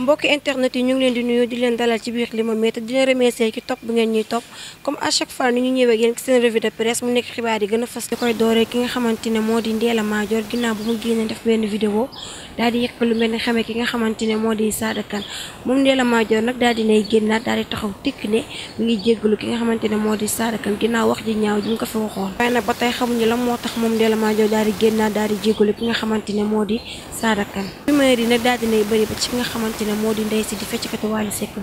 mbokki internet yi ñu ngi leen di nuyu di leen dalal ci biir Limametti di leen remercier ci topp bu ngeen ñuy topp comme à chaque fois ni ñu ñëwee yi a fës di koy dooree ki nga xamante ne moo di Ndella Madior ginnaaw bu mu lu mel ni xamee ki nga xamante ne moo di Sada Kane moom Ndella Madior nag daal di nay génnaat daal di taxaw tikk ne mu ngi jéggalu ki nga xamante ne moo di Sada ginnaaw wax ji ñaaw ji mu ko fi waxoon waaye nag ba tey xamuñu la moo tax moom Ndella Madior daal di génnaat daal di jéggalu ki nga xamante ne moo di Sada Kane rumeur yi nag daal dinay bëri ba ci nga xamante ne moo di ndey si di feccekatu Wally Seck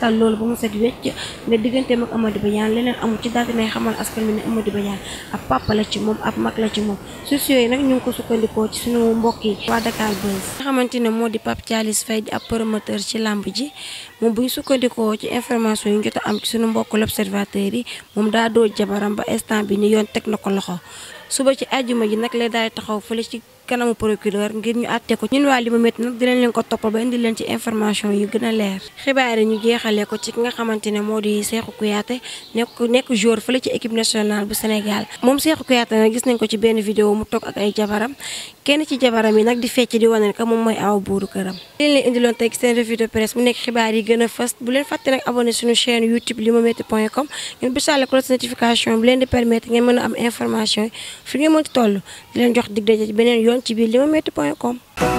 ba mu set wecc ne digganteem ak Amady Badiane leneen ci daal dinay xamal askan wi ne Amady Badiane ab papa la ci moom la ci moom sources yooyu nag ñu ngi ko sukkandikoo ci suñu mbokk yi waa Dakar Buzz nga xamante ne moo di Pape Thialis Faye ab promoteur ci làmb ji moom bu sukkandikoo ci information yu jot a am ci suñu mbokk l'observateur yi moom daa doo jabaram ba instant bi ni yoon teg na ko loxo suba ci àjjuma ji nag lay daal di taxaw fële ci kanamu procureur ngir ñu àtte ko ñun waa Limametti nag dinañ leen ko toppal ba indi leen ci information yu gën a leer xibaar yi ñu jeexalee ko ci ki nga xamante ne moo di Cheikhou Kouyaté nekk nekk joueur fële ci équipe nationale bu moom Cheikhou Kouyaté nag gis nañ ko ci benn vidéo mu toog ak ay jabaram kenn ci jabaram yi nag di fecc di wane ko moom mooy aw buuru këram leen leen te tey seen revue de presse mu nekk xibaar yi gën a fës bu leen fàtte nag abonné suñu chaîne youtube limametti point com ngeen bisaale ko bu leen di permettre ngeen mën a am information fi ngeen mënti toll di leen jox dig daje beneen yoon ci biir limametti point com